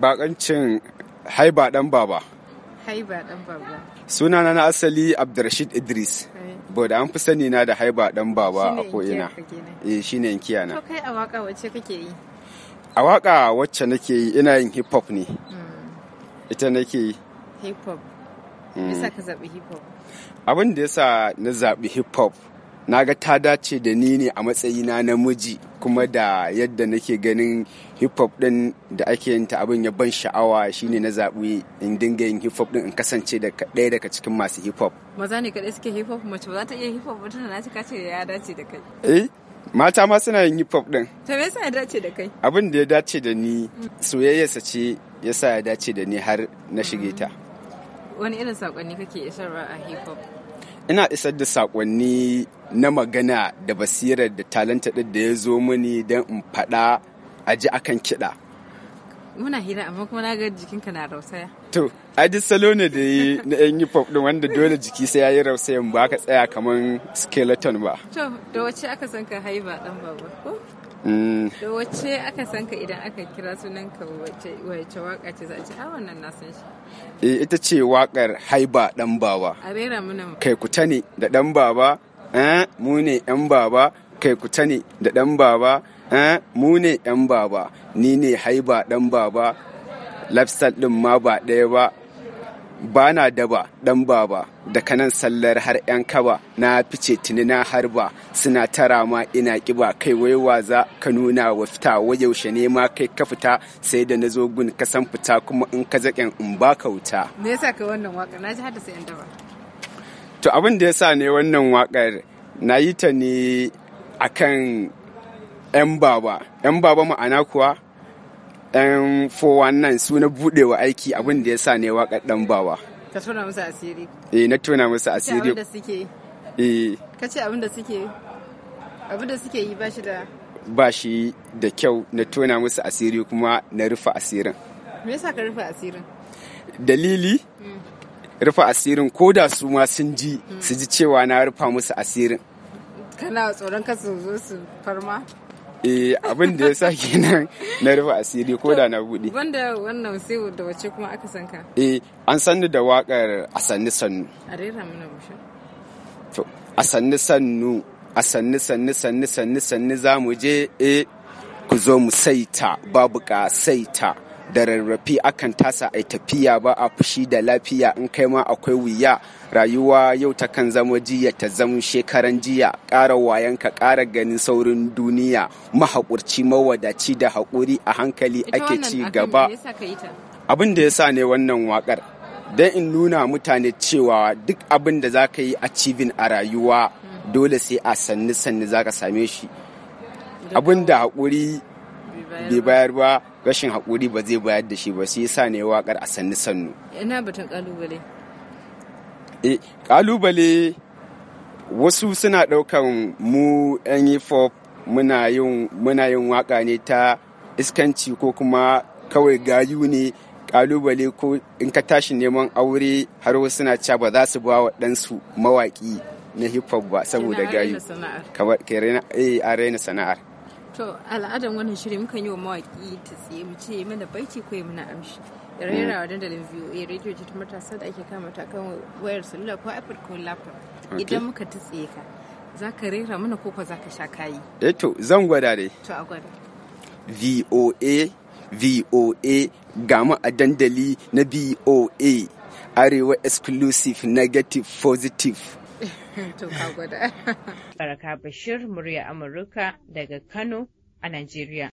Baƙancin haiba ɗan baba. Haiba ɗan baba. Sunana na asali Abdurrashid Idris. Eh. da an fi sani na da haiba ɗan baba a ko'ina. Eh shine in kiyana. na. kai a waka wacce kake yi? A waka wacce nake yi ina yin hip hop ne. Hmm. Ita nake yi. Hip hop. Hmm. Me ka zaɓi hip hop? Abin da yasa na zaɓi hip hop. na ga ta dace da ni ne a matsayina namiji kuma da yadda nake ganin hip hop din da ake yin ta abin ya ban sha'awa shine na zaɓi in dinga yin hip hop din in kasance da ɗaya daga cikin masu hip hop maza ne kaɗai suke hip hop mace ba za ta iya hip hop ba tana na kace ya dace da kai eh mata ma suna yin hip hop din to me yasa ya dace da kai abin da ya dace da ni mm. soyayyarsa ce yasa ya dace da ni har na shige mm. ta wani irin sakonni kake isarwa a hip hop ina isar da sakonni na magana da basirar da talanta ɗin da ya zo mini don in faɗa a ji akan kiɗa muna hira amma kuma na ga jikinka na rausaya to a ji salo ne da yi na yan yi pop din wanda dole jiki sai yayi rausayan ba ka tsaya kaman skeleton ba to da wace aka san ka haiba dan baba ko mm. da wace aka san ka idan aka kira sunan ka wace waka ce za a ce a ah, wannan na san shi eh ita ce wakar haiba dan baba a rera mana kai kuta ne da dan baba eh mu ne yan baba kai kuta ne da dan baba Eh, mu ne yan baba ni ne haiba dan baba lafsal din ma ba ɗaya ba ba na daba dan baba da kanan sallar har yan kaba na fice tuni na harba suna tara ma ina kiba kai wai waza ka nuna wa fita wa yaushe ne ma kai ka fita sai da na zo gun ka san fita kuma in ka zaƙen in ba ka wuta me yasa wannan waka na ji sai yan daba to abin da yasa ne wannan wakar na yi ta ne akan 'yan baba yan baba ma'ana kuwa yan fowannan su na wa aiki abin da ya sa ne waƙar ɗan baba ka tona musu asiri eh na tona musu asiri abin da suke eh ka ce abin da suke abin da suke yi ba shi da ba shi da kyau na tona musu asiri kuma na rufe asirin me yasa ka rufe asirin dalili mm. rufe asirin ko da su ma sun ji mm. su ji cewa na rufa musu asirin kana tsoron kasu zo su farma eh abin da ya sa kenan na rufe asiri ko da na buɗe wanda wannan sai da wace kuma aka san ka eh an sanni da wakar a sanni sannu a rera mana musha to a sanni sannu a sanni sanni sanni sanni sanni za mu je eh ku zo mu saita babu ka saita da rarrafi akan tasa a tafiya ba a fushi da lafiya in kai ma akwai wuya rayuwa yau ta kan zama jiya ta zama shekaran jiya ƙara wayan ka ƙara ganin saurin duniya mahaƙurci mawadaci da haƙuri a hankali ake ci gaba abin da ya sa ne wannan waƙar don in nuna mutane cewa duk abin da za ka yi achieving a rayuwa hmm. dole sai a sanni sanni za ka same shi abin da haƙuri bai bayar ba rashin haƙuri ba zai bayar da shi ba sai sa ne waƙar a sannu sannu ina batun kalubale eh kalubale wasu suna ɗaukan mu yan hip hop muna yin muna yin waka ne ta iskanci ko kuma kawai gayu ne kalubale ko in ka tashi neman aure har wasu suna cewa ba za su ba wa ɗansu mawaki na hip hop ba saboda gayu kamar a sana'ar To al'adar wannan shiri mukan yi wa mawaƙi ta tsaye mu ce mana baiti ko mana amshi. Mm. Rera wa dandalin a radio ta matasa da ake kama ta kan wayar salula ko iPad ko laptop. Idan muka ta tsaye ka za ka rera mana ko ko za ka sha kayi. Eh to zan gwada dai. To a gwada. VOA VOA gamu a dandali na VOA Arewa exclusive negative positive. to gwada. Bashir, murya Amurka daga Kano a Najeriya.